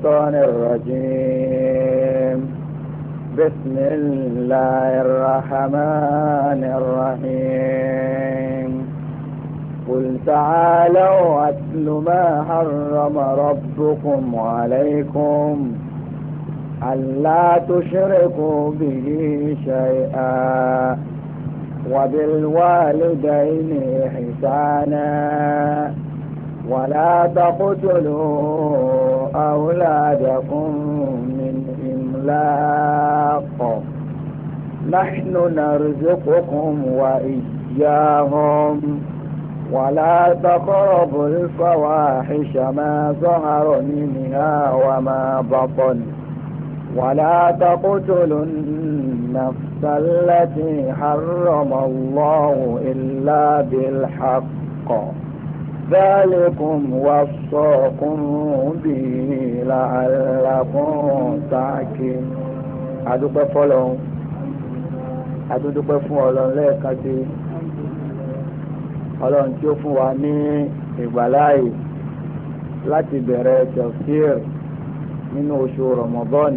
الشيطان الرجيم بسم الله الرحمن الرحيم قل تعالوا أتل ما حرم ربكم عليكم ألا تشركوا به شيئا وبالوالدين إحسانا ولا تقتلوا أولادكم من إملاق نحن نرزقكم وإياهم ولا تقربوا الفواحش ما ظهر منها وما بطن ولا تقتلوا النفس التي حرم الله إلا بالحق ذلكم وصاكم به لعلكم تعقلون adúpẹ́ fọlọ́run adúdúpẹ́ fún ọlọ́run lẹ́ẹ̀kan sí ọlọ́run tí ó fún wa ní ìgbàláàyè láti bẹ̀rẹ̀ tẹ̀síìr nínú oṣù rọ̀mọ́bọ́ọ̀n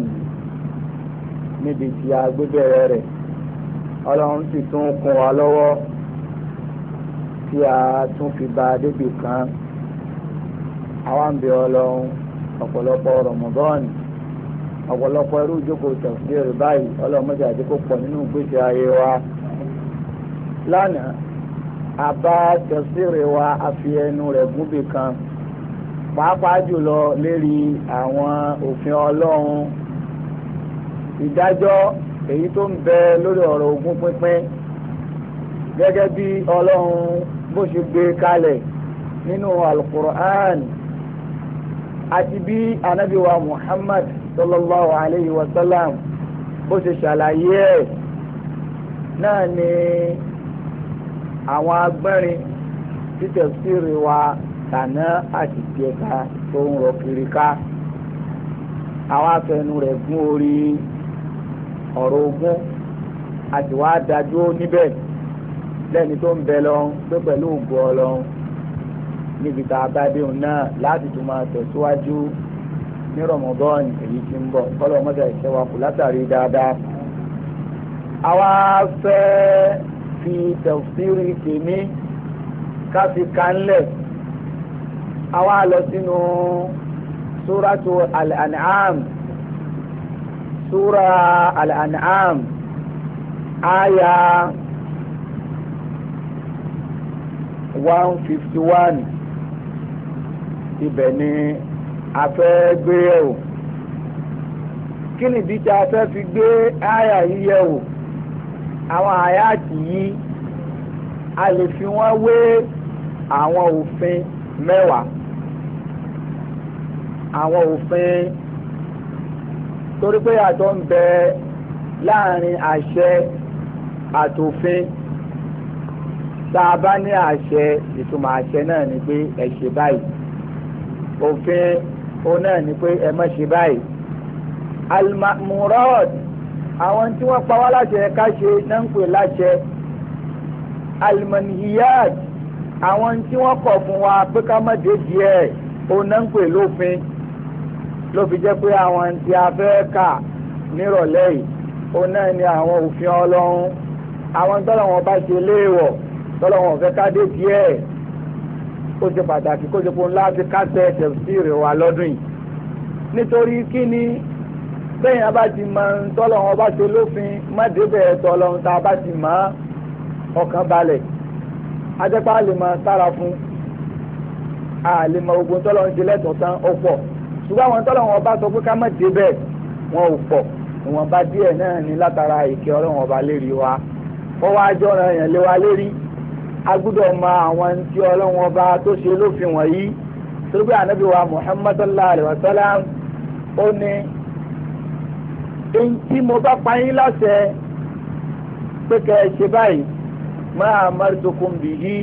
níbi tí a gbé bẹ̀rẹ̀ rẹ̀ ọlọ́run sì tún kún wa lọ́wọ́ tí a tún fi ba débi kan àwa ń bẹ ọlọ́run ọ̀pọ̀lọpọ̀ rọmọdọ́ọ̀nì ọ̀pọ̀lọpọ̀ irú ìjókòó tẹ̀síìrì báyìí ọlọ́mọdé àti kò pọ̀ nínú ìgbésí ayé wa lánàá àbá tẹ̀síìrì wa a fi ẹnu rẹ̀ gúnbì kan pàápàá jùlọ lérí àwọn òfin ọlọ́run ìdájọ́ èyí tó ń bẹ lórí ọ̀rọ̀ ogún pínpín gẹ́gẹ́ bí ọlọ́run bó ṣe gbé kalẹ̀ nínú alukur'an àti bí anabiwa muhammad sallallahu alayhi wa sallam bó ṣe ṣàlàyé ẹ̀ náà ni àwọn agbẹ́rin títẹ̀ sírì wa tàná àti tiẹ̀ka tó ń rọ kiri ká àwọn afẹnu rẹ̀ gún orí ọ̀rọ̀ ogun àti wàá dájú níbẹ̀ lẹ́ni tó ń bẹ lọ́n pé pẹ̀lú ògbó ọlọ́n níbi tá a bá dé òun náà láti tún máa tẹ̀síwájú ní rọmọdọ́ọ̀nì èyí tí ń bọ̀ kọ́lọ́ mọ́tà ìṣẹ́ wa látàrí dáadáa. àwa fẹ́ fi tẹ̀síìrì tèmi ká fi kánlẹ̀ àwa lọ sínú súrátù al-an'am súrà al àyà. one fifty one ibẹ̀ ni a fẹ́ gbé yẹ̀wò kí nìdí tí a fẹ́ fi gbé àyà yìí o. àwọn àyàtì yìí a lè fi wọ́n wé àwọn òfin mẹ́wàá àwọn òfin torí pé àtọ̀ ń bẹ láàrin àṣẹ àtòfin tá a bá ní àṣẹ ìtumọ̀ àṣẹ náà ni pé ẹ ṣe báyìí òfin òun náà ni pé ẹ má ṣe báyìí almamurad àwọn tí wọ́n pa wá láṣẹ ká ṣe náà ń pè láṣẹ almanhiyad àwọn tí wọ́n kọ̀ fún wa pé ká má dé díẹ̀ òun náà ń pè lófin ló fi jẹ́ pé àwọn tí a fẹ́ kà nírọ̀lẹ́ yìí òun náà ni àwọn òfin ọlọ́run àwọn tọ́lọ̀ wọn bá ṣe léèwọ̀ tọ́lọ́wọ́n fẹ́ ká dé tiẹ̀ ó ṣe pàtàkì kó ṣe fún ńlá ti kásẹ̀ tẹ̀síìrì wa lọ́dún yìí nítorí kí ni bẹ́yìn abá ti mọ tọ́lọ́wọ́n bá ṣe lófin mọ́débẹ̀ tọ́lọ́wọ́n tá a bá ti mọ́ ọkàn balẹ̀ ajẹ́pá lè mọ sára fún a lè mọ ogun tọ́lọ́wọ́n ti lẹ́tọ̀ọ́ tán ó pọ̀ ṣùgbọ́n àwọn tọ́lọ́wọ́n bá sọ pé ká mọ̀ débẹ̀ wọn ò pọ̀ ìwọ̀nba díẹ̀ náà ni látara ìkẹ́ ọlọ́wọ́n ọba lérí wa ó wá jọ́ra èèyàn lé wa lérí agbúdọ̀ ma àwọn tí ọlọ́wọ́n bá tó ṣe lófin wọ̀nyí torí pé ànábì wa muhammad sallallahu alayhi wa sallam ó ní èyí tí mo bá pa yín láṣẹ pé kẹ́ ẹ ṣe báyìí máa martukum bihi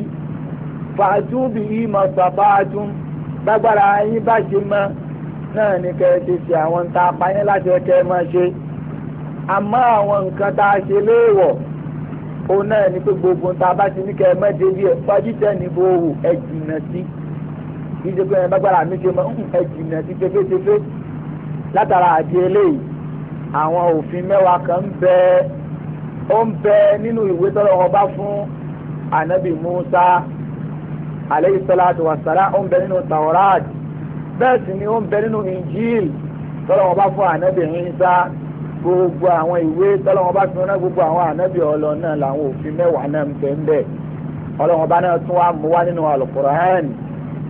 fàájú bihi mastata'tum gbàgbára yín bá ṣe mọ́ náà ni kẹ́ ẹ ṣe ṣe àwọn tá a pa yín ẹ máa ṣe àmọ́ àwọn nǹkan tá a ṣe léèwọ̀ òun náà ni pé gbogbo ń ta bá ti ní kẹ ẹ mẹ́tẹ́ bí ẹ fọ́jútẹ́ ní bòówù ẹ jìnà sí kì í ṣe pé ẹ bágbára mi ṣe mọ ẹ jìnà sí tefétefé látara àti eléyìí àwọn òfin mẹ́wàá kan ń bẹ ó ń bẹ nínú ìwé tọ́lọ́ wọn fún ànábì Musa aleyhi salatu wa salam ó ń bẹ nínú Taurat bẹ́ẹ̀ sì ni ó ń bẹ nínú Injil tọ́lọ́ wọn fún ànábì Isa gbogbo àwọn ìwé tọ́lọ́wọ́n bá fi rán gbogbo àwọn ànábì ọlọ́run náà làwọn òfin mẹ́wàá náà ń bẹ̀ ń bẹ̀ ọlọ́wọ́n bá náà tún wá mú wá nínú alukur'an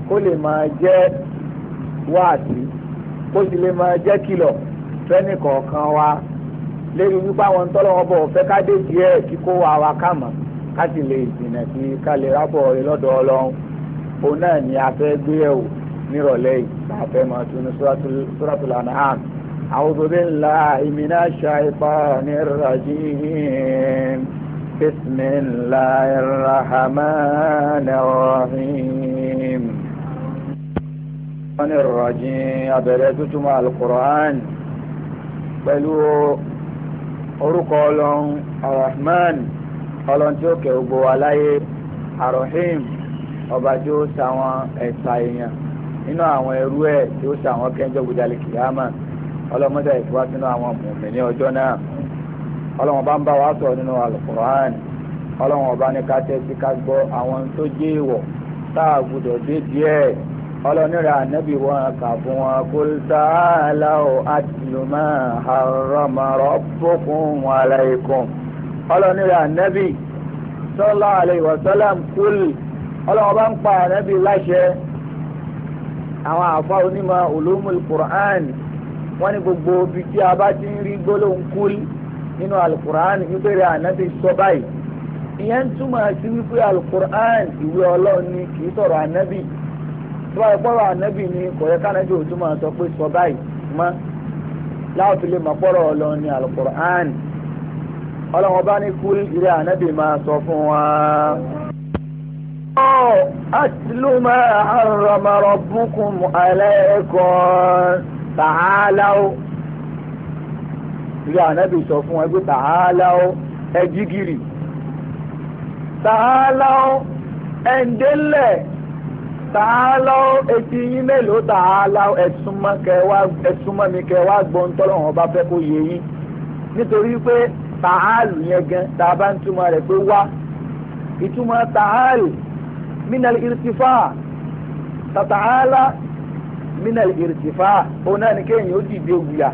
kó lè máa jẹ́ wáàtí kó sì lè máa jẹ́ kìlọ̀ fẹ́ni kọ̀ọ̀kan wa lérí wípé àwọn tọ́lọ́wọ́n bọ̀ fẹ́ ká dé díẹ̀ kíkó wa wa ká mọ̀ ká sì lè dìnà sí ká lè rábọ̀ rẹ lọ́dọ̀ ọlọ́run òun náà ni a fẹ́ gbé yẹ̀wò nírọ̀lẹ́ أعوذ بالله من الشيطان الرجيم بسم الله الرحمن الرحيم الشيطان الرجيم أبرزتم القرآن بلو orúkọ ọlọ́run arahman ọlọ́run tí ó kẹ́ gbogbo wa láyé arahim ọba tí ó ṣàwọn ẹ̀ṣà èèyàn nínú àwọn ẹrú ẹ̀ tí ó ṣàwọn kẹ́ńjọ́ gbọdálẹ̀ kìyàmá ọlọ́mọdé ìfúwá sínú àwọn mùmíní ọjọ́ náà ọlọ́wọ́n bá ń bá wa sọ nínú alukur'an ọlọ́wọ́n bá ní ká tẹ́tí ká gbọ́ àwọn tó jẹ́ ìwọ̀ tá a gbọdọ̀ dé díẹ̀ ọlọ́nira ànábì wọn kà fún wọn qul ta'alaw atlu ma harrama rabbukum alaykum ọlọ́nira ànábì sallallahu alayhi wa sallam kúl bá ń pa ànábì láṣẹ àwọn àfa onímọ̀ ulumul qur'an wọ́n ní gbogbo ibi tí a bá ti ń rí gbólóhùn kúl nínú alukur'an níbẹ̀rẹ̀ ànábì sọ báyìí ìyẹn túmọ̀ sí wípé alukur'an ìwé ọlọ́run ni kì í sọ̀rọ̀ ànábì tó bá gbọ́rọ̀ ànábì ni kò yẹ kánábì ò túmọ̀ sọ pé sọ báyìí mọ́ láwọn fi lè mọ̀ pọ́rọ̀ ọlọ́run ni alukur'an ọlọ́run bá ní kúl ìrẹ́ ànábì máa sọ fún wa. أتل ما حرم ربكم عليكم tàhálàó ìyá ànábì sọ fún wọn pé tàhálàó ẹjígìrì tàhálàó ẹ̀ǹdẹ́lẹ̀ tàhálàó etí yín mélòó tàhálàó ẹ̀súnmọ́ mi kẹ́ wá gbọ́n tọ́lọ́wọ́n bá fẹ́ kó yé yín nítorí pé tàhálù yẹn gan tá a bá ń túmọ̀ rẹ̀ pé wá ìtumọ̀ tàhálù mínàlì irtifa tàtàhálà minal irtifa òun náà ni kéèyàn ó dìde wùyà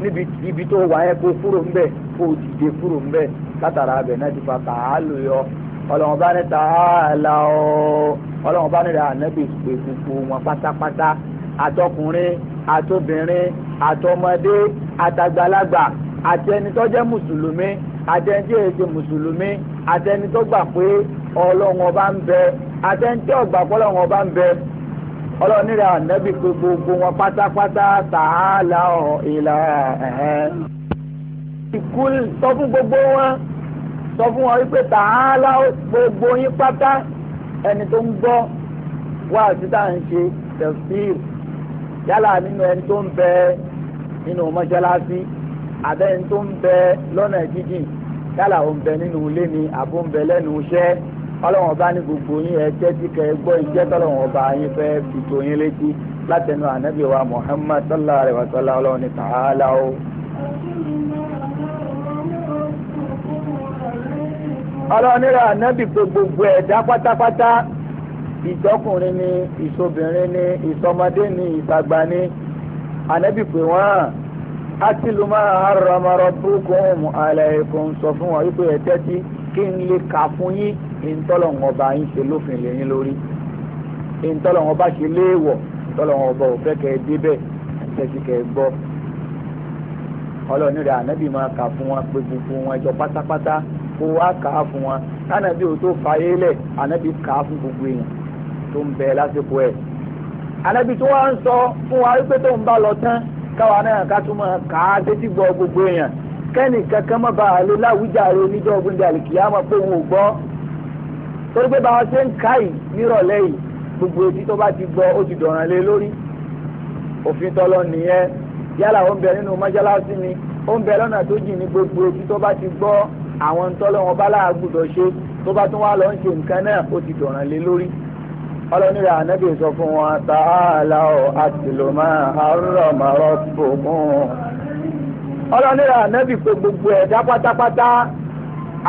níbi ibi tó wà yẹn kó kúrò ńbẹ̀ kó dìde kúrò ńbẹ̀ látara abẹ náà ti fa tààlù yọ ọlọ́run bá ní tààlà ọ ọlọ́run bá ní ra ànábì pé gbogbo wọn pátápátá àtọkùnrin àtobìnrin àtọmọdé àtàgbàlagbà àtẹni mùsùlùmí àtẹni mùsùlùmí àtẹni pé ọlọ́run ọba ń bẹ àtẹni ọgbà pé ọba ń bẹ ọlọ́run nílẹ̀ ànábì pé gbogbo wọn pátápátá tààlà ọ̀ ìlà ẹ̀hẹ́. ìkúl sọ fún gbogbo wọn sọ fún wọn wípé tààlà gbogbo yín pátá ẹni tó ń gbọ́ wá síta ń ṣe tẹ̀síìr yálà nínú ẹni tó ń bẹ nínú mọ́ṣáláṣí àbẹ́ni tó ń bẹ lọ́nà jíjìn yálà ó ń bẹ nínú ilé ni àbó ń bẹ lẹ́nu iṣẹ́ ọlọ́wọ́n bá ní gbogbo yín ẹ tẹ́tí kẹ́ ẹ gbọ́ ìjẹ́ tọ́lọ́wọ́n bá yín fẹ́ fìtò yín létí látẹnu ànábì wa Muhammad sallallahu alaihi wa sallam ọlọ́wọ́n ní tààlà o. ọlọ́wọ́n nílò ànábì pé gbogbo ẹ̀dá pátápátá ìjọkùnrin ni ìṣobìnrin ni ìṣọmọdé ni ìṣàgbà ni ànábì pé wọ́n á tìlú máa rọmọrọ búkún àlẹ́ ìkùn sọ fún wọn wípé ẹ̀ tẹ́tí kí n lè kà fún yín ìǹtọ́lọ̀wọ̀n ọba yín ṣe lófin lè yín lórí ìǹtọ́lọ̀wọ̀n ọba ṣe léèwọ̀ ìǹtọ́lọ̀wọ̀n ọba ò fẹ́ kẹ́ ẹ débẹ̀ àtẹ́sí kẹ́ ẹ gbọ́ ọlọ́ọ̀ni rẹ̀ ànábì máa kà fún wọn pé gbogbo wọn jọ pátápátá kó wá kà á fún wọn ànábì ò tó fàyè lẹ̀ ànábì kà á fún gbogbo èèyàn tó ń bẹ lásìkò ẹ̀ ànábì tó wá ń sọ fún wa wípé tó ń bá lọ tán káwa náà ká tún máa kà á sétí kẹ́nì kankan má ba àlè láwùjáre níjọ́ ògbóǹde àlìkìyà máa pé òun ò gbọ́ torí pé báwọn ṣe ń ká yìí nírọ̀lẹ́ yìí gbogbo etí tó bá ti gbọ́ ó ti dọ̀ràn lé lórí òfin tọ́lọ nìyẹn yálà ó ń bẹ nínú mọ́ṣáláṣí ni ó ń bẹ lọ́nà tó jìn ní gbogbo etí tó bá ti gbọ́ àwọn ń tọ́lọ wọn bá láàgbùdọ̀ ṣe tó bá tún wá lọ ń ṣe nǹkan náà ó ti dọ̀ràn lé lórí ọlọ́ni rẹ̀ ànábì sọ fún wọn tààlà ọ̀ àtìlómà àrùrọ̀ màrọ̀ fòkùn ọlọ́nira ànábì pé gbogbo ẹ̀dá pátápátá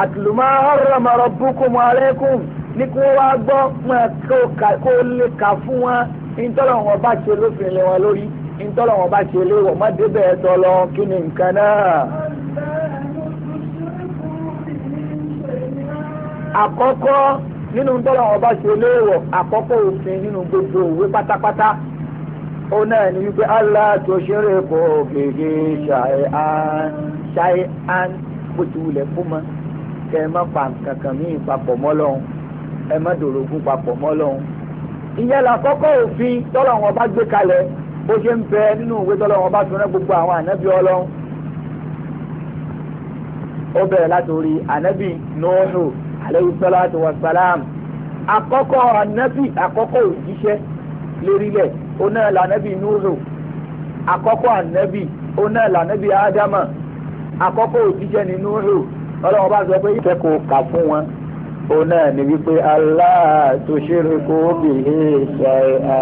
àtìlùmọ́ ọ̀rọ̀mọ̀rọ̀ búkúmu alẹ́kùn ní kí wọ́n wá gbọ́ pọ́n kó lè kà fún wọn ìtọ́lọ̀ wọn bá ṣe lófin lé wọn lórí ìtọ́lọ̀ wọn bá ṣe léwọ̀ má débẹ̀ ẹ̀ lọ kí ni nǹkan náà. àkọ́kọ́ nínú ìtọ́lọ̀ wọn bá ṣe léwọ̀ àkọ́kọ́ òfin nínú gbogbo òwe pátápátá ó náà ní wípé Allah tó ṣeré kò kéde ṣàì án ṣàì án bó ti wulẹ̀ fún ma kẹ ẹ má pa nǹkan kan mí papọ̀ mọ́ lọ́hùn ẹ má dòrògùn papọ̀ mọ́ lọ́hùn. ìyẹn là kọ́kọ́ òfin tọ́lọ̀ wọn bá gbé kalẹ̀ bó ṣe ń bẹ nínú ìwé tọ́lọ̀ wọn bá fi gbogbo àwọn ànábì ọlọ́hun. ó bẹ̀rẹ̀ látòrí ànábì Nuhu alayhi salatu wa àkọ́kọ́ ànábì àkọ́kọ́ òjíṣẹ́ lérílẹ̀ oná lànàbì nuhu àkọ́kọ́ ànàbì oná lànàbì ádámà àkọ́kọ́ òjíṣẹ́ ni nuhu ọlọ́run bá sọ pé ìkẹ́kọ̀ọ́ kà fún wọn òun ni wípé Allah tó ṣeré kó bì í ṣe ẹ.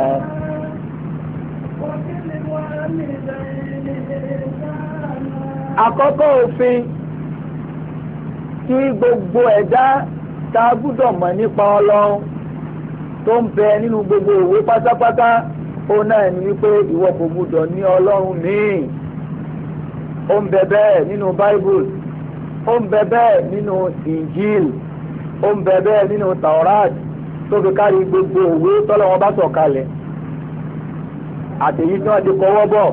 àkọ́kọ́ òfin tí gbogbo ẹ̀dá tá a gbúdọ̀ mọ̀ nípa ọlọ́run tó ń bẹ nínú gbogbo òwe pátápátá ó náà ní wípé ìwọ kò gbúdọ̀ ní ọlọ́run míì ó ń bẹ bẹ́ẹ̀ nínú bible ó ń bẹ bẹ́ẹ̀ nínú injil ó ń bẹ bẹ́ẹ̀ nínú taurat tó fi kárí gbogbo òwe tọ́lọ́wọ́n bá sọ̀ kalẹ̀ àtẹ̀yí tí wọ́n ti kọ́wọ́ bọ̀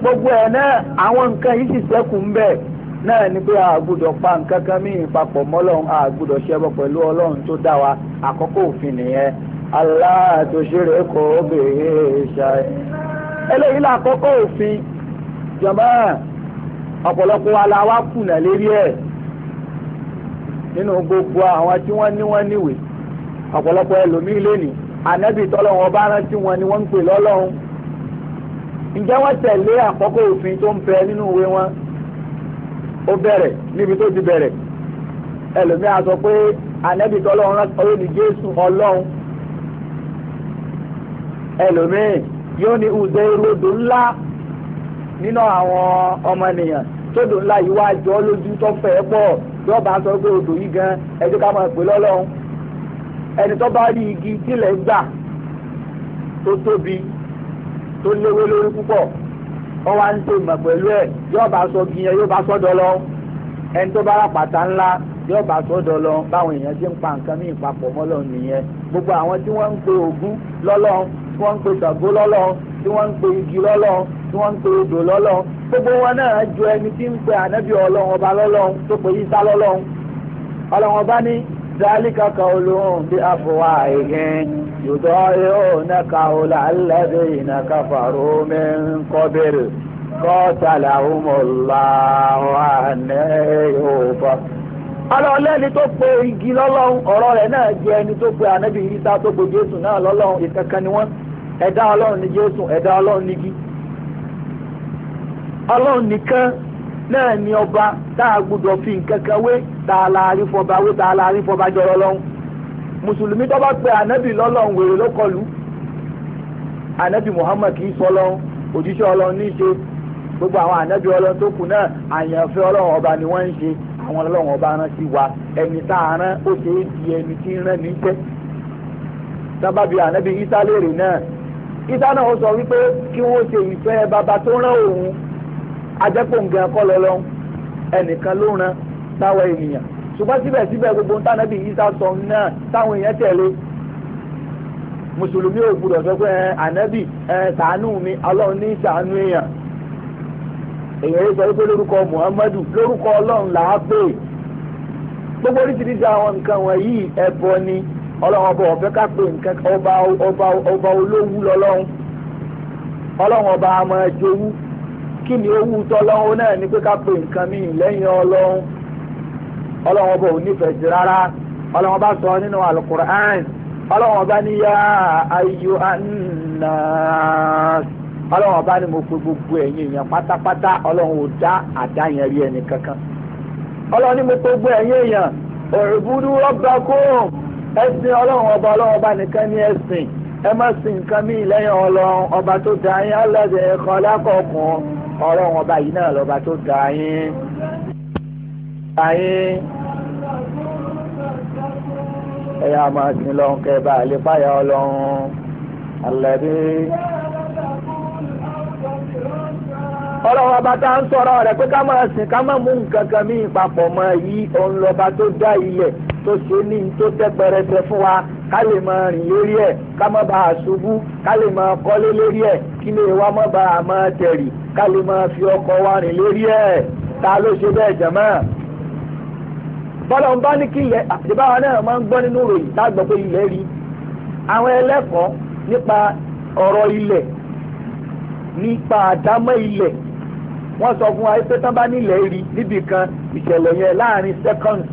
gbogbo ẹ̀ náà àwọn nǹkan yìí sì ṣẹ́kù ń bẹ́ẹ̀ náà ni pé a gbọ́dọ̀ pa nǹkan kan míì papọ̀ mọ́lọ́run a gbọ́dọ̀ ṣẹbọ pẹ̀lú ọlọ́run tó dá wa àkọ́kọ́ òfin nìyẹn aláàtòṣeré kò bèèrè ṣá ẹ. eléyìí làkọ́kọ́ òfin jọba ọ̀pọ̀lọpọ̀ wa la wá kùnà lérí ẹ̀ nínú gbogbo àwọn tí wọ́n ní wọ́n níwèé ọ̀pọ̀lọpọ̀ ẹlòmíì lẹ́nìí ànábì tọ́lọ́run ọba rántí wọn ni wọ́n ń pè lọ́lọ́run ǹjẹ́ wọ́n tẹ̀lé àkọ́kọ́ òfin tó ń bẹ nínú ìwé wọn ó bẹ̀rẹ̀ níbi tó ti bẹ̀rẹ̀ ẹlòmíì á sọ pé anẹ́bí tó ọlọ́run rán orí ni jésù ọlọ́run ẹlòmíì yóò ní ùdẹ rodò ńlá nínú àwọn ọmọnìyàn tódò ńlá yìí wá jọ lójú tó fẹ́ pọ̀ yóò bá sọ pé odò yìí gan ẹjọ́ ká máa pè lọ́lọ́run ẹni tó bá rí igi tilẹ̀ gbà tó tóbi tó léwé lórí púpọ̀ wọ́n wá ń tè mọ̀ pẹ̀lú ẹ̀ yóò bá sọ bí yẹn yóò bá sọ dọ́lọ́ ẹni tó bá rà pàtà ńlá yóò bá sọ dọ́lọ́ báwọn èèyàn ṣe ń pa nǹkan míì papọ̀ mọ́lọ́ nìyẹn gbogbo àwọn tí wọ́n ń pe Ògún lọ́lọ́ tí wọ́n ń pe Ṣàngó lọ́lọ́ tí wọ́n ń pe igi lọ́lọ́ tí wọ́n ń pe odò lọ́lọ́ gbogbo wọn náà ju ẹni tí ń pe ànábì Ọlọ́run ọba lọ́lọ́run tó pe Ìsá lọ́lọ́run Ọlọ́run ọba ní ذلك قولهم بأفواههم يضاهئون قول الذين كفروا من قبل قاتلهم الله أني يوفق ọlọ́run lẹ́ni tó pe igi lọ́lọ́run ọ̀rọ̀ rẹ̀ náà jẹ́ ẹni tó pe ànábì Ìsá tó pe Jésù náà lọ́lọ́run ìkankan ni wọ́n ẹ̀dá ọlọ́run ni Jésù ẹ̀dá ọlọ́run ni igi nìkan náà ni ọba tá a gbọ́dọ̀ fi nǹkan kan wé tá a láàrin fọba wé tá a láàrin fọba jọrọ lọ́hùn mùsùlùmí tó bá pe ànábì lọ́lọ́hùn wèrè ló kọlù ànábì Muhammad kì í sọ lọ́hùn òjíṣẹ́ ọlọ́hùn ní í ṣe gbogbo àwọn ànábì ọlọ́hùn tó kù náà àyànfẹ́ ọlọ́hùn ọba ni wọ́n ń ṣe àwọn ọlọ́hùn ọba rán sí wa ẹni tá a rán ó ṣe é di ẹni tí ń rán ní jẹ́ sábàbí ànábì Isa léèrè náà Isa náà ó sọ wípé kí wọ́n ṣe ìfẹ́ bàbá tó rán òun ajẹ́pọ̀ǹgẹ̀ akọ́lọ́lọ́ ẹnìkan ló ran táwọn ènìyàn ṣùgbọ́n síbẹ̀síbẹ̀ gbogbo tánàbí isa sọ náà táwọn èèyàn tẹ̀lé mùsùlùmí ò gbúdọ̀ sọ pé ànábì ṣàánú mi ọlọ́run ní ṣàánú èèyàn èèyàn yóò sọ wípé lórúkọ muhammadu lórúkọ ọlọ́run là á pè gbogbo oríṣiríṣi àwọn nǹkan wọ̀nyí ẹbọ ni ọlọ́run ọba ọ̀fẹ́ ká pé nǹkan ọba olówú lọ́lọ́run ọlọ́run ọba àmọ́ ẹjọ́wú kí ni owó tọ́lọ́hún náà ni pé ká pe nǹkan mi lẹ́yìn ọlọ́hún ọlọ́hún ọba ò nífẹ̀ẹ́ sí rárá ọlọ́hún ọba sọ nínú alukur'an ọlọ́hún ọba ní yá ayò anas ọlọ́hún ọba ní mo pe gbogbo ẹ̀yin èèyàn pátápátá ọlọ́hún ò dá àdá yẹn rí ẹni kankan ọlọ́hún ní mo pe gbogbo ẹ̀yin èèyàn òrùbúdú rabbakum ẹ̀sìn ọlọ́hún ọba ọlọ́hún ọba nìkan ní ẹ̀sìn ẹ má sìn nǹkan mí lẹ́yìn ọlọ́hún ọba tó dá yín alẹ́ ọlọ́run ọba yìí náà lọ́ba tó ga yín ga yín ẹ̀yà máa sìn lọ́hùn kẹba àlepáyà ọlọ́run àlẹ́bí. ọlọ́run ọba tá à ń sọ̀rọ̀ rẹ̀ pé ká máa sìn ká máa mú nǹkan kan mí papọ̀ mọ́ yìí òun lọ́ba tó dá ilẹ̀ tó ṣe ní tó tẹ́ pẹrẹsẹ fún wa ká lè máa rìn lórí ẹ̀ ká má bàa ṣubú ká lè máa kọ́lé lórí ẹ̀ kí lè wa má bàa máa tẹ̀rì ká lè máa fi ọkọ̀ wa rìn lórí ẹ̀ ta ló ṣe bẹ́ẹ̀ jẹ̀mọ́ bọ́lá ń bá ní kí ilẹ̀ àtibáwa náà máa ń gbọ́ nínú ròyìn lágbọ́ pé ilẹ̀ rí àwọn ẹlẹ́kọ̀ọ́ nípa ọ̀rọ̀ ilẹ̀ nípa àdámọ́ ilẹ̀ wọ́n sọ fún wa pé tán bá nílẹ̀ rí níbì kan ìṣẹ̀lẹ̀ yẹn láàrin seconds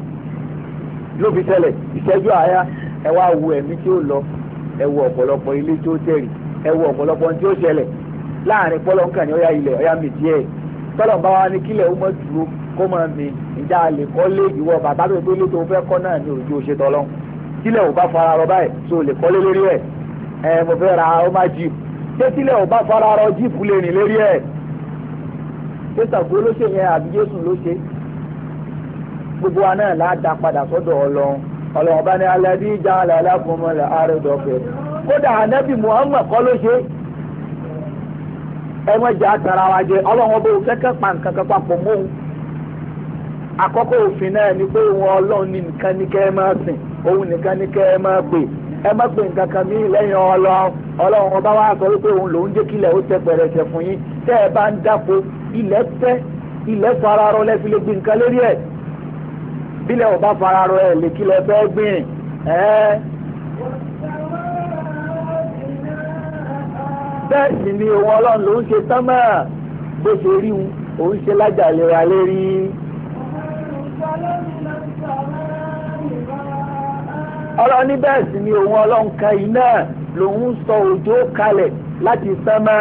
ló fi tẹ́lẹ̀ ìṣẹ́jú àáyá ẹ wá wo ẹ̀mí tí ó lọ ẹ wo ọ̀pọ̀lọpọ̀ ilé tí ó tẹ̀rì ẹ wo ọ̀pọ̀lọpọ̀ tí ó ṣẹlẹ̀ láàrin pọ́lọ́nkà ni ó yá ilẹ̀ ó yá ẹ̀ díẹ̀ tọ́lọ̀ bá wa ní kílẹ̀ ó mọ̀ dúró kó bàbá tó gbé fẹ́ kọ́ náà ní òjò ṣe tọ́lọ́ kílẹ̀ ò bá fara rọ báyìí tó lè kọ́ lé ẹ̀ ẹ mo fẹ́ ra má jíìpù ṣé kílẹ̀ ò bá fara rọ jíìpù lè rìn ẹ̀ ló ṣe gbogbo wa náà láàdá padà sọ́dọ̀ ọlọ́run ọlọ́run bá ní alẹ́bí ìjà alákùnmọ́lẹ̀ àrùdọ̀fẹ́ kódà ànábì Muhammad kọ́ ló ṣe ẹ̀wọ̀n jẹ tara wa jẹ ọlọ́run ọba pa nǹkan kan òfin náà ni pé òun ní nìkan ní ẹ máa sìn òun nìkan ní ẹ máa pè ẹ má pè nǹkan kan mí ọba wa sọ òun lòún ó tẹ bílẹ̀ ọba fara rọ ẹ̀ lè kí lẹ fẹ́ gbìn ẹ́. bẹ́ẹ̀ sì ni òun ọlọ́run ló ń ṣe sánmà bó ṣe rí òun ṣe lájà lera lérí. ọlọ́run ní bẹ́ẹ̀ sì ni òun ọlọ́run kan iná lòun sọ òjò kalẹ̀ láti sánmà.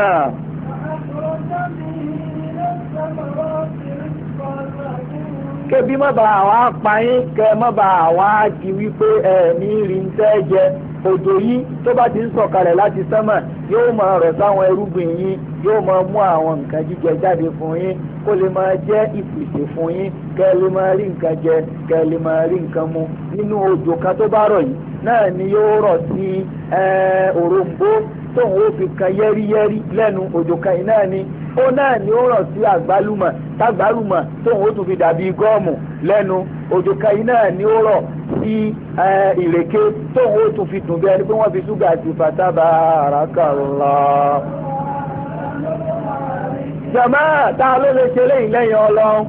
kébi má bàa àwa pa yín kẹ má bàa àwa di wípé ẹ ní rí ń tẹ́ jẹ òjò yìí tó bá ti ń sọ̀kalẹ̀ láti sánmà yóò máa rọ̀ sáwọn ẹrúgbìn yín yóò máa mú àwọn nǹkan jíjẹ jáde fún yín kó lè máa jẹ́ ìpèsè fún yín kẹ́ lè máa rí nǹkan jẹ kẹ́ lè máa rí nǹkan mu nínú òjò kan tó bá rọ̀ yìí náà ni yóò rọ̀ sí òròǹbó tóun ó fi kan yẹ́rìyẹ́rì lẹ́nu òjò kan yìí náà ni ó náà ni ó rọ̀ sí àgbálùmọ̀ tágbálùmọ̀ tóun ó tún fi dàbí gọ́ọ̀mù lẹ́nu òjò kẹyìn náà ni ó rọ̀ sí ìrèké tóun ó tún fi dùn bí ẹni pé wọ́n fi ṣúgà sí fatábà àràkàlá. jàmá ta ló lè ṣe lẹ́yìn lẹ́yìn ọlọ́run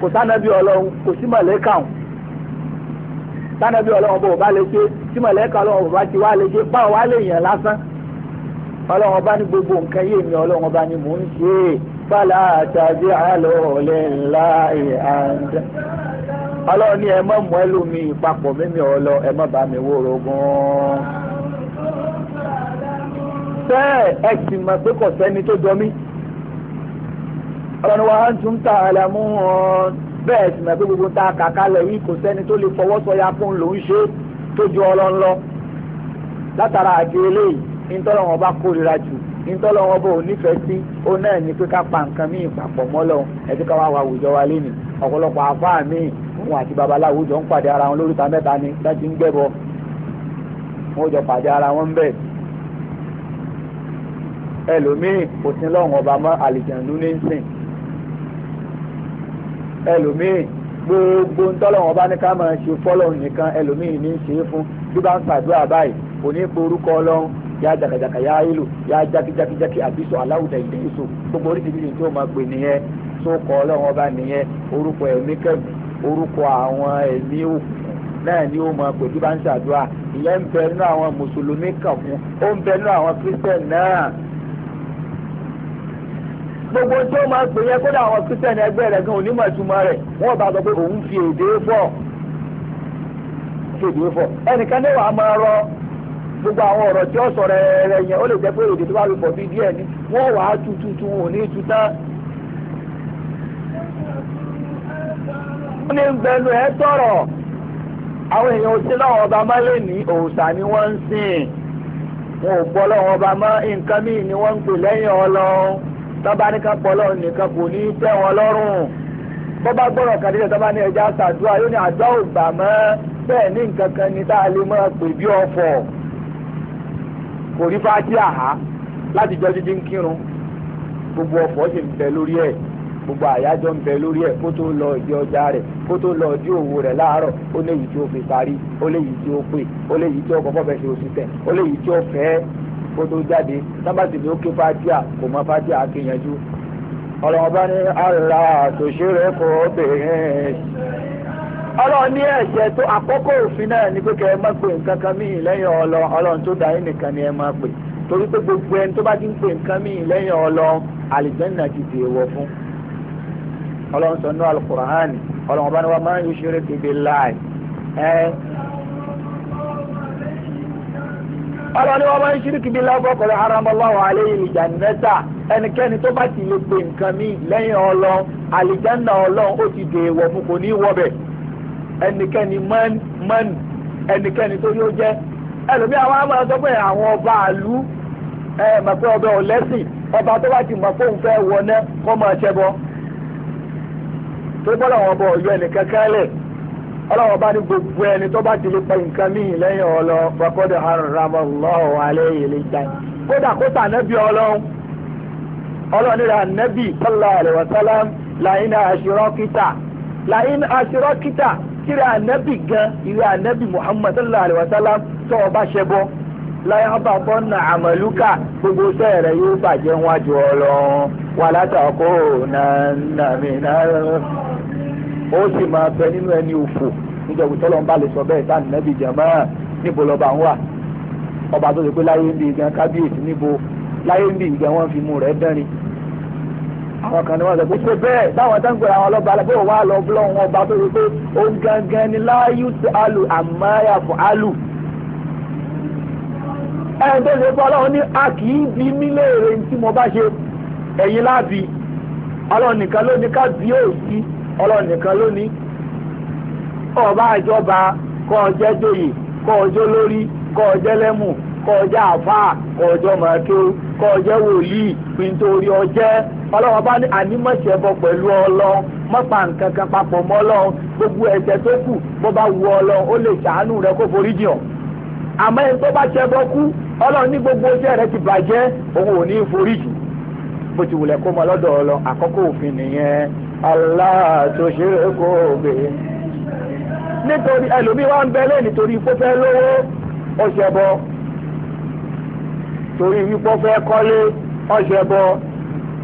kò ọlọ́run kò sí ọlọ́run bò bá lè ṣe sí ọlọ́run ọba ní gbogbo nǹkan yé mi ọlọ́run ọba ni mò ń ṣe é bala àtàjẹ àlọ́ ọ̀lẹ́ ńlá ẹ̀ àǹdà ọlọ́run ní ẹ mọ̀ mọ́ ẹlòmíì papọ̀ mímí ọlọ ẹ mọ̀ bá mi wóró gan-an. bẹ́ẹ̀ ẹ sì mọ̀ pé kò sẹ́ni tó jọ mí ọlọ́run wa ń tún ta àlàmú hàn bẹ́ẹ̀ sì mọ̀ pé gbogbo ta kàkálẹ̀ yìí kò sẹ́ni tó lè fọwọ́ sọ ya fún lòún ṣe tó ju ọlọ́run lọ látara àti eléyìí ntọ́lọ́ wọn bá kórira jù ntọ́lọ́ wọn bá onífẹ̀ẹ́ sí ó náà ní pé ká pa nǹkan míì papọ̀ mọ́lọ́ ẹ̀dí ká wá wa àwùjọ wa lẹ́nu ọ̀pọ̀lọpọ̀ àfáà míì òun àti babaláwo jọ ń pàdé ara wọn lóríta mẹ́ta ni láti ń gbẹ́bọ wọn jọ pàdé ara wọn ń bẹ̀ ẹlòmíì kò sí lọ́wọ́n ọba mọ́ àlìjẹ̀ǹdù ní sìn ẹlòmíì gbogbo ntọ́lọ́ bá ní ká máa ṣe fọ́lọ́ nìkan ẹlòmíì ní ṣe é fún bí bá ń ṣàdúrà báyìí kò ní pe orúkọ ọlọ́run ya jàkàjàkà ya ìlú ya jákíjákíjákí àbísọ aláwùdà ìdí ìsọ gbogbo oríṣiríṣi tí ó máa pè nìyẹn tó kọ ọlọ́run ọba nìyẹn orúkọ ẹ̀mí kẹ́mi orúkọ àwọn ẹ̀mí òkú náà ni ó máa pè tí bá ń ṣàdúrà ìyẹn ń bẹ nínú àwọn mùsùlùmí ó àwọn náà gbogbo tí ó máa pè yẹn kódà àwọn ẹgbẹ́ gan onímọ̀ ìtumọ̀ wọ́n bá sọ pé òun fi èdè gbogbo àwọn ọ̀rọ̀ tí ó sọ̀rọ̀ ẹ̀rẹ̀ yẹn ó lè jẹ́ pé èdè tó bá rí pọ̀ bí díẹ̀ ni wọ́n wà á tu tuntun wọn ò ní tu tán. wọ́n ní gbẹnu ẹ̀ tọ̀rọ̀ àwọn èèyàn òsín láwọn ọba má lè ní òòṣà ni wọ́n ń sìn wọn ò gbọ́ lọ́wọ́ ọba mọ́ nǹkan míì ni wọ́n ń pè lẹ́yìn ọlọ́run tọ́ba ní ká pọ̀ lọ́run nìkan kò ní í tẹ́ wọn lọ́rùn bọ́ba gbọ́rọ̀ kàdé tọ́ba ní ẹja ṣàdúrà yóò ní àdúrà ò gbà mọ́ bẹ́ẹ̀ ní nǹkan kan ní tá a lè mọ́ pè bí ọ̀fọ̀ kò rí fájí àhá láti jọ títí ń kírun gbogbo ọ̀fọ̀ sì ń bẹ lórí ẹ̀ gbogbo àyájọ́ ń bẹ lórí ẹ̀ kó tó lọ ìdí ọjà rẹ̀ kó tó lọ ìdí òwò rẹ̀ láàárọ̀ ó léyìí tí ó fi parí ó léyìí tí ó pè ó léyìí tí ó kọ́kọ́ fẹ́ ṣe oṣù tẹ̀ ó léyìí tí ó fẹ́ kó tó jáde sábàtì ni ó ké fájíà kò mọ fájíà kéyanjú ọ̀rọ̀ ọba ní àlà àtòṣe rẹ̀ kọ́ bẹ̀rẹ̀ ọlọ́run ní ẹ̀ṣẹ̀ tó àkọ́kọ́ òfin náà ní pé kẹ́ ẹ pè nǹkan kan míì lẹ́yìn ọlọ́run ọlọ́run tó dá ni ẹ máa pè torí pé gbogbo ẹni tó bá ti ń pè nǹkan míì lẹ́yìn ọlọ́run àlìjẹ́nà ti dè wọ fún ọlọ́run sọ ní alukur'an ọlọ́run wa máa ń ẹ máa ń ẹnikẹ́ni tó mi lẹ́yìn ó ti fún kò ní ẹnikẹ́ni mọ́n mọ́n ẹnikẹ́ni tó yóò jẹ́ ẹlòmí àwọn á máa sọ pé àwọn ọba àlú ẹ mọ̀ pé ọbẹ̀ ò lẹ́sìn ọba tó bá ti mọ̀ pé òun fẹ́ wọná kó máa ṣẹbọ tó gbọ́dọ̀ wọn bọ̀ ọ̀yọ́ ẹnìkan kálẹ̀ ọlọ́wọ́n bá ní gbogbo ẹni tó bá ti lè pa nǹkan míì lẹ́yìn ọlọ fakọ́dọ̀ haramallahu alayhi lẹ́yìn kódà kó tà ọlọ́run ọlọ́run nílẹ̀ ànẹ́bí sallallahu alaihi wasallam làyín àṣírọ́kítà làyín àṣírọ́kítà kíra ànábì gan ìrẹ ànábì muhammad sallallahu alayhi wa sallam tó o bá ṣe bọ́ láyé ọba bọ́ na àmàlúkà gbogbo iṣẹ́ rẹ̀ yóò bàjẹ́ wọn jù ọ lọ wà látàkó nàmínà ó sì máa bẹ nínú ẹni òfò níjọba tọ́lọ́ ń bá lè sọ bẹ́ẹ̀ sáà nàbì jàmá níbo lọ́ba ń wà ọba tó ṣe pé láyé ń bì gan kábíyèsí níbo láyé ń bì gan wọ́n fi mú rẹ̀ dẹ́rin àwọn kan ní wọn sọ pé ṣe bẹ́ẹ̀ táwọn táǹgbẹ àwọn ọlọba alẹ bóun wá lọ bọlọrun wọn bá tó yẹ pé òun gangan ni láàyè tó alù àmáyà fún alù. ẹn tó ṣe pé ọlọ́run ní a kì í bi mí léèrè tí mo bá ṣe ẹ̀yin láàbì ọlọ́run nìkan ló ní ká bí òsì ọlọ́run nìkan ló ní. ọba àjọba kọ́ ọjẹ́ joyè kọ́ ọjọ́ lórí kọ́ ọjẹ́ lẹ́mù kọ́ ọjẹ́ àfáà kọ́ ọjọ́ màákéw kọ́ ọjẹ́ wòlíì pintori ọjẹ́ ọlọ́wọ́n bá ní ànímọ̀ṣẹ́ bọ pẹ̀lú ọlọ́ mọ́pa nǹkan kan papọ̀ mọ́ ọlọ́run gbogbo ẹ̀ṣẹ̀ tó kù bó bá wu ọlọ́run ó lè ṣàánú rẹ kó forí jìn ọ́ àmọ́ ẹni tó bá ṣẹbọ kú ọlọ́run ní gbogbo iṣẹ́ rẹ ti bàjẹ́ òun ò ní forí jìn bó ti wulẹ̀ kó mọ lọ́dọ̀ ọlọ́ àkọ́kọ́ òfin nìyẹn aláàtúnṣe kò bè nítorí ẹlòmíì wá ń bẹ lẹ́yìn nítorí ipò fẹ́ lówó ọ̀ṣẹ̀bọ torí ipò fẹ́ kọ́lé ọ̀ṣẹ̀bọ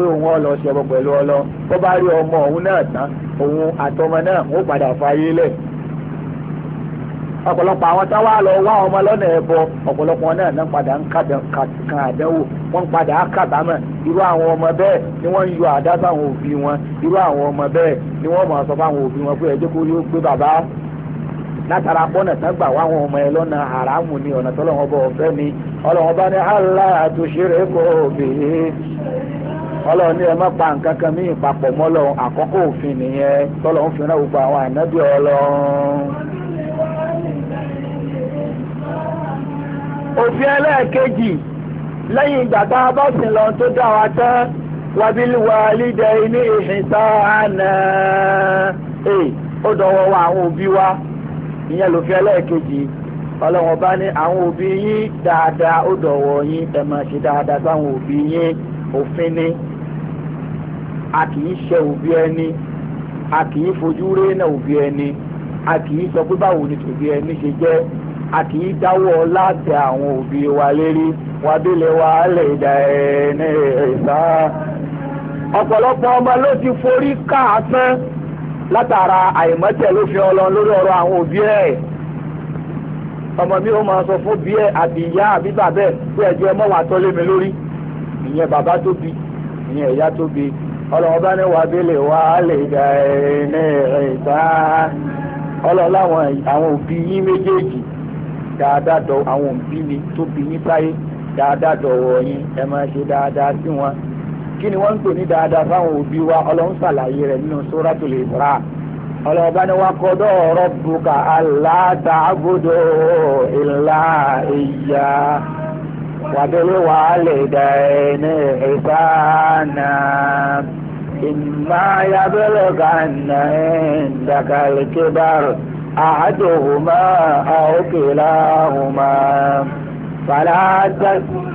pé òun ọlọ ṣe ọmọ pẹ̀lú ọlọ bó bá rí ọmọ òun náà tán òun àtọmọ náà ó padà fàyè lẹ̀ ọ̀pọ̀lọpọ̀ àwọn tá wàá lọ wá ọmọ lọ́nà ẹ̀bọ ọ̀pọ̀lọpọ̀ náà náà padà ń àdánwò wọ́n padà á kàbámọ̀ irú àwọn ọmọ bẹ́ẹ̀ ni wọn irú àwọn ọmọ bẹ́ẹ̀ ni wọ́n mọ̀ sọ wọn kó gbé bàbá látara pọ́nà tán gbà wá àwọn ọmọ ẹ lọ́nà ni ọlọ́run ní ẹ má pa nǹkan kan mí ìpapọ̀ mọ́ lọ́run àkọ́kọ́ òfin nìyẹn tọ́lọ́run fi rán gbogbo àwọn ànábì ọlọ́run. òfin ẹlẹ́ẹ̀kejì lẹ́yìn ìgbà tá a bá sìn lọ tó dá wa tán wabili wàlídẹ ní ìṣìṣà àná ee ó dọwọ́ wa àwọn òbí wa ìyẹn lòfin ẹlẹ́ẹ̀kejì ọlọ́run ọba ní àwọn òbí yín dáadáa ó dọ̀wọ́ yín ẹ máa ṣe dáadáa sáwọn òbí yín òfin ni a kì í ṣe òbí ẹni a kì í fojú rénà òbí ẹni a kì í sọ pé báwo ni tòbí ẹni ṣe jẹ́ a kì í dáwọ́ láti àwọn òbí wa lérí wà délé wa lè dà ẹni ẹ̀sà. ọ̀pọ̀lọpọ̀ ọmọ ló ti forí káàsán látara àìmọ́tẹ̀ ló fi ọlọ́run lórí ọ̀rọ̀ àwọn òbí ẹ̀ ọmọ mi ò máa sọ fún bí ẹ àbí ìyá àbí bàbá ẹ pé ẹjọ́ ẹ mọ wàá tọ́lé mi lórí ìyẹn bàbá tó ìyẹn ìyá tó ọlọ́ọ̀bá ní wàbílẹ̀ wà á lè dà ní ìta ọlọ́láwọn àwọn òbí yín méjèèjì dáadáa dọ̀ àwọn òbí mi tó bí yín sáyé dáadáa dọ̀wọ̀ yín ẹ máa ṣe dáadáa sí wọn kí ni wọ́n ń tò ní dáadáa fáwọn òbí wa ọlọ́run ṣàlàyé rẹ̀ nínú Suratul Isra ọlọ́ọ̀bá ni wọ́n kọ́dọ̀ rabbuka allā ta'budu illā iyyāh wàbílẹ̀ wà á lè dà ní ìta إما يبلغن عندك الكبر أحدهما أو كلاهما فلا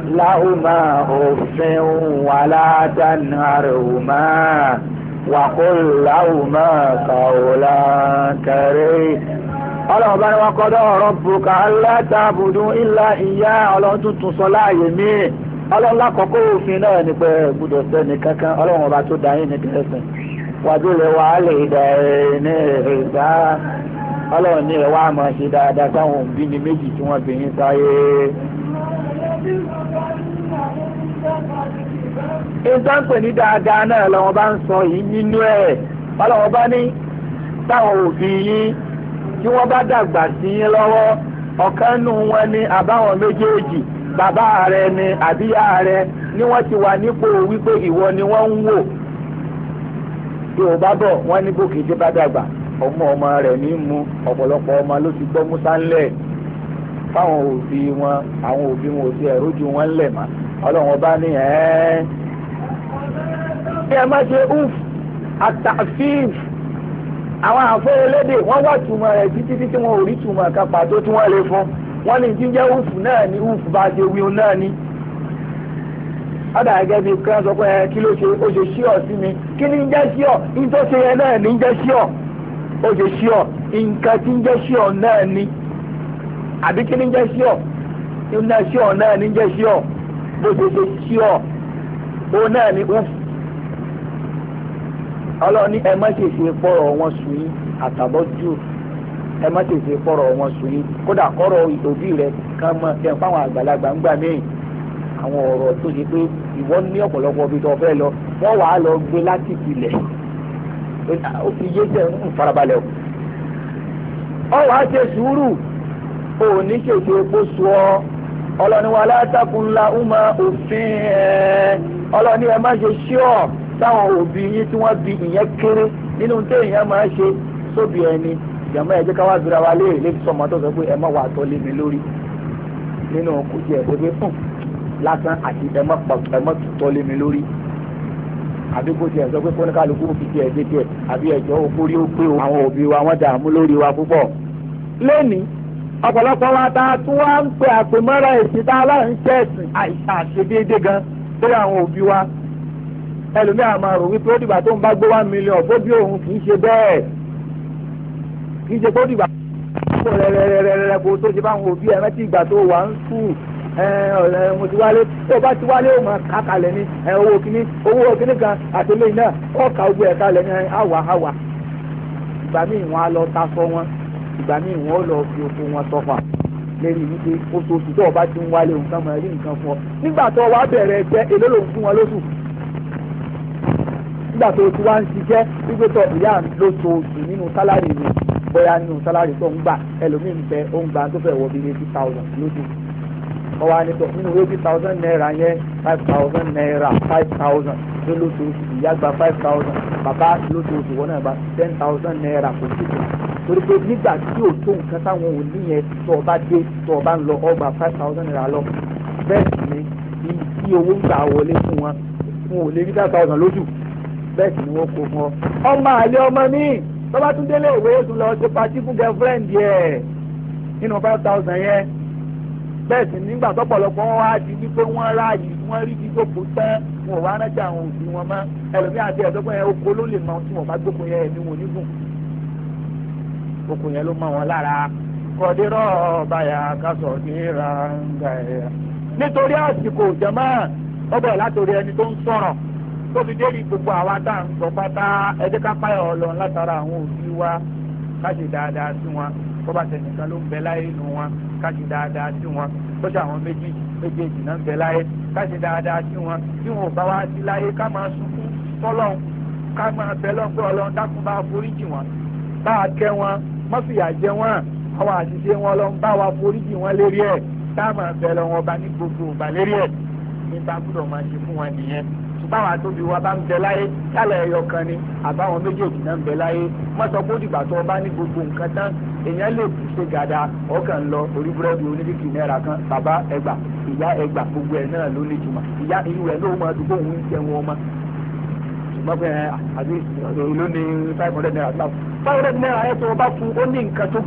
لهما أف ولا تنهرهما وقل لهما قولا كريما ọlọ́run bá ní wọn kọ́ dọ́ ọ̀rọ̀ bùkà aláàtàbùdún ìlà ọlọ́lá kọ́kọ́ òfin náà ni pé gbọ́dọ̀ sẹ́ni kankan ọlọ́run ọba tó dáyé ní kẹsàn-án wàdí rẹ̀ wà á lè dà ẹ̀ ní ìgbà ọlọ́run ní ẹ̀ wá máa ṣe dáadáa sáwọn òbí mi méjì tí wọ́n bìyín sáyé. ìtànpẹ̀ ní dáadáa náà làwọn bá ń sọ yìí nínú ẹ̀ ọlọ́run bá ní táwọn òbí yín tí wọ́n bá dàgbà sí yín lọ́wọ́ ọ̀kan nù wọn ní àbáwọn méjèèjì bàbá rẹ ni àbíyá rẹ ni wọ́n ti wà nípò wípé ìwọ ni wọ́n ń wò yorùbá bọ̀ wọ́n ní gòkè bá dàgbà ọmọ ọmọ rẹ̀ ní mu ọ̀pọ̀lọpọ̀ ọmọ ló ti gbọ́ musa ńlẹ̀ fáwọn òbí wọn àwọn òbí wọn ò ti ẹ̀rú wọn lẹ̀ mọ́ ọlọ́run ọba ní ẹ̀ẹ́n. ẹ má ṣe uf àtàfíìf àwọn àfẹ́ elédè wọ́n wà túmọ̀ rẹ̀ títí títí wọn ò rí túmọ̀ kan pàtó tí wọ́n lè fún wọ́n ní jíjẹ́ wúfù náà ní wúfù bá ṣe wíwú náà ní. ọ̀dà gẹ́gẹ́ bí kan sọ pé kí ló ṣe ó ṣe ṣíọ̀ sí mi kí ni ń jẹ́ ṣíọ̀ ní tó ṣe yẹn náà ní ń jẹ́ ṣíọ̀ ó ṣe ṣíọ̀ nǹkan tí ń jẹ́ ṣíọ̀ náà ní. àbí kí ni ń jẹ́ ṣíọ̀ iná ṣíọ̀ náà ní ń jẹ́ ṣíọ̀ bó ṣe ṣe ṣíọ̀ ó náà ní wúfù. ọlọ́ọ̀ni ẹ má ṣèṣe pọ̀ wọn sùn ẹ má tètè kọ̀rọ̀ wọn sùn yín kódà kọ̀rọ̀ òbí rẹ kàn mọ ẹ fáwọn àgbàlagbà ń gbà míì àwọn ọ̀rọ̀ tó ṣe pé ìwọ ní ọ̀pọ̀lọpọ̀ ibi tó fẹ́ lọ wọ́n wàá lọ gbé láti ìpìlẹ̀ ó fi yé tẹ̀ ń farabalẹ̀ o ọ wàá ṣe sùúrù o ò ní ṣèṣe epo sọ ọ ọlọ́niwà látàkùnlá ọmọ òfin ẹ̀ ọlọ́ni ẹ má ṣe ṣíọ̀ táwọn òbí yín tí wọ́n bí ìyẹn kéré nínú téèyàn máa ṣe sóbì ẹni jàmọ́ ẹ jẹ́ ká wá gbéra wa léèrè lébi sọmọ tó sọ pé ẹ mọ̀ wà tọ́ lé mi lórí nínú kò tiẹ̀ ṣe pé fún lásán àti ẹ mọ̀ tọ́ lé mi lórí àbí kò tiẹ̀ sọ pé fọ́nìkàlùkù fi tiẹ̀ dé tiẹ̀ àbí ẹ̀jọ́ okórí ó pé àwọn òbí wa wọ́n dààmú lórí wa púpọ̀ lónìí ọ̀pọ̀lọpọ̀ wa ta tún wá ń pe àpèmọ́ra èsì tá a láà ń tẹ̀sìn àìsàn àṣedéédé gan lórí àwọn òbí wa ẹlòmíràn máa rò wípé ó dìgbà tó ń bá gbé one million bó bí òun kì í ṣe bẹ́ẹ̀ kì í ṣe tó dìgbà tó rẹ̀rẹ̀rẹ̀rẹ̀ kó tó ṣe báwọn òbí ẹ̀ rántí ìgbà tó wà ń sùn ọ̀rẹ́ mo ti wálé tó o bá ti wálé o máa kà kalẹ̀ ní owó kìíní owó kìíní kan àti lẹ́yìn náà ọ̀ka ogun ẹ̀ kalẹ̀ ní àwà àwà ìgbà míì wọn á lọ tasọ wọn ìgbà míì wọn ó lọ fi oko wọn sọfà lérí wípé oṣooṣù tó o bá ti ń wálé nǹkan mọ̀ rí nǹkan fún nígbà tó o wá bẹ̀rẹ̀ ẹgbẹ́ èló ló ń fún wọn lóṣù nígbà tó o ti wá ń ṣiṣẹ́ wípé tó ìyá lóṣooṣù nínú sálárì mi bóyá nínú sálárì tó ń gbà ẹlòmíín bẹ ó ń gba tó fẹ́ wọ bí eighty thousand lóṣù wọ́n wá ní sọ nínú eighty thousand naira yẹn five thousand naira five thousand ló lóṣooṣù ìyá gba five thousand bàbá lóṣooṣù wọn náà gba ten thousand naira kò sí kan torí pé nígbà tí ò tó nǹkan táwọn ò ní yẹn tó o dé tó o ń lọ ọgbà five thousand naira lọ bẹ́ẹ̀ sì ni tí owó ń gbà wọlé fún wọn fún òun lè rí five thousand lóṣù bẹ́ẹ̀ sì ni wọ́n kó fún ọ ọmọ àlẹ́ ọmọ míì tọ́ba tún délé ìwé oṣù lọ ṣe patí fún girlfriend yẹ nínú five thousand yẹn bẹ́ẹ̀ sì nígbà tọ́pọ̀lọpọ̀ wọn wá di wípé wọ́n ráàyè wọ́n rí jíjókòó tán wọn ò wá rántí àwọn òbí wọn mọ́ ẹlòmíì àti ẹ̀dọ́gbọ́n yẹn oko ló lè mọ tí wọn bá gbóko yẹn ẹ̀mí wọn ò oko yẹn ló mọ wọn lára kọ́dírọ̀ báyà kásọ̀ ní rangaya nítorí àsìkò jẹ̀mọ́ ọbẹ̀ látòrí ẹni tó ń sọ̀rọ̀ tóbi dérí gbogbo àwa tá à ń sọ pátá ẹ jẹ́ ká páyà Ọlọ́run látara àwọn òbí wa ká ṣe dáadáa sí wọn bọ́bá tẹnìkan ló ń bẹ láyé nù wọn ká ṣe dáadáa sí wọn bó ṣe àwọn méjì méjèèjì náà ń bẹ láyé ká ṣe dáadáa sí wọn tí wọn ò bá wá sí láyé ká máa sunkún tọ́lọ́hún ká máa bẹ lọ́pọ̀ Ọlọ́run dákun bá foríjì wọn bá a kẹ́ wọn má jẹ wọn àwọn àṣìṣe wọn lọ ń bá wa foríjì wọn lérí ẹ̀ táwọn àbẹ̀lẹ̀ wọn bá ní gbogbo ìgbà lérí ẹ̀ ní bá gbọ́dọ̀ máa ṣe fún wọn nìyẹn báwọn àtòbí wa bá ń bẹ láyé yálà ẹyọ kan ni àbáwọn méjèèjì náà ń bẹ láyé wọn sọ pé ó tó ní gbogbo nǹkan tán èèyàn lọ orí búrẹ́dì náírà náà ló ní ìyá ló máa dùgbò òun eh, eh, naira tó bá fún ó ní nǹkan tó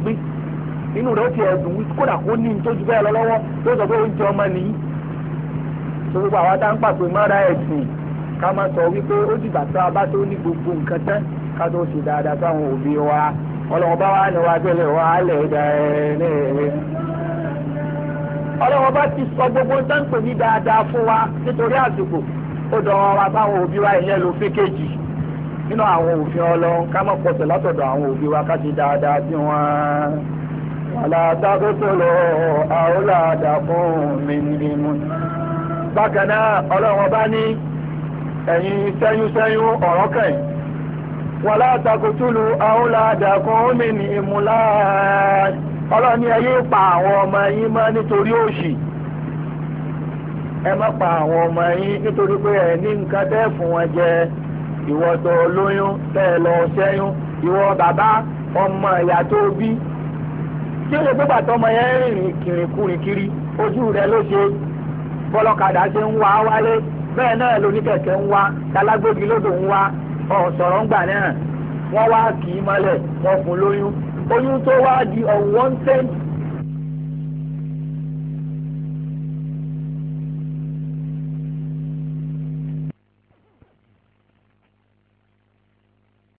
lọ lọ́wọ́ tó sọ pé ọmọ nìyí tó gbogbo àwọn tá ká má sọ wípé ó dìgbà tá a bá tó ní gbogbo nǹkan tán ká tó ṣe dáadáa sáwọn òbí wa ọlọ́wọ́n bá wà ní wa tẹ́lẹ̀ wà á lẹ̀ dáadáa. ọlọ́wọ́n bá ti sọ gbogbo sáǹpè ní dáadáa fún wa nítorí àsìkò ó dọ̀wọ́ wa sáwọn òbí wa ìyẹn ló fi kéjì nínú àwọn òfin ọlọ́run ká má pọ̀sẹ̀ látọ̀dọ̀ àwọn òbí wa ká ṣe dáadáa bí wọ́n. àlàdàkótólò àólàdàkùn mi ni bákan náà ọlọ́wọ́n bá ní. ẹ̀yin sẹ́yúnsẹ́yún ọ̀rọ̀ kẹ́yìn wàlá takùtùlù àwòlá dàkún òmìnì ìmúlá ọlọ́ni ẹ yé pa àwọn ọmọ yín mọ́ nítorí òṣì ẹ má pa àwọn ọmọ yín nítorí pé ẹ ní nǹkan tẹ́ fún wọn jẹ ìwọ tó ọmọ ìyá tó bí ọmọ yẹn rìnrìn kiri ojú rẹ ló ṣe bọ́lọ́kadà ṣe ń wá wálé. bẹ́ẹ̀ náà lóníkẹ̀kẹ́ ń wá talágbógi lódò ń wá ọ̀sọ̀rọ̀ ń gbà náà wọ́n wá kì í mọ́lẹ̀ wọ́n fún lóyún oyún tó wá di unwanted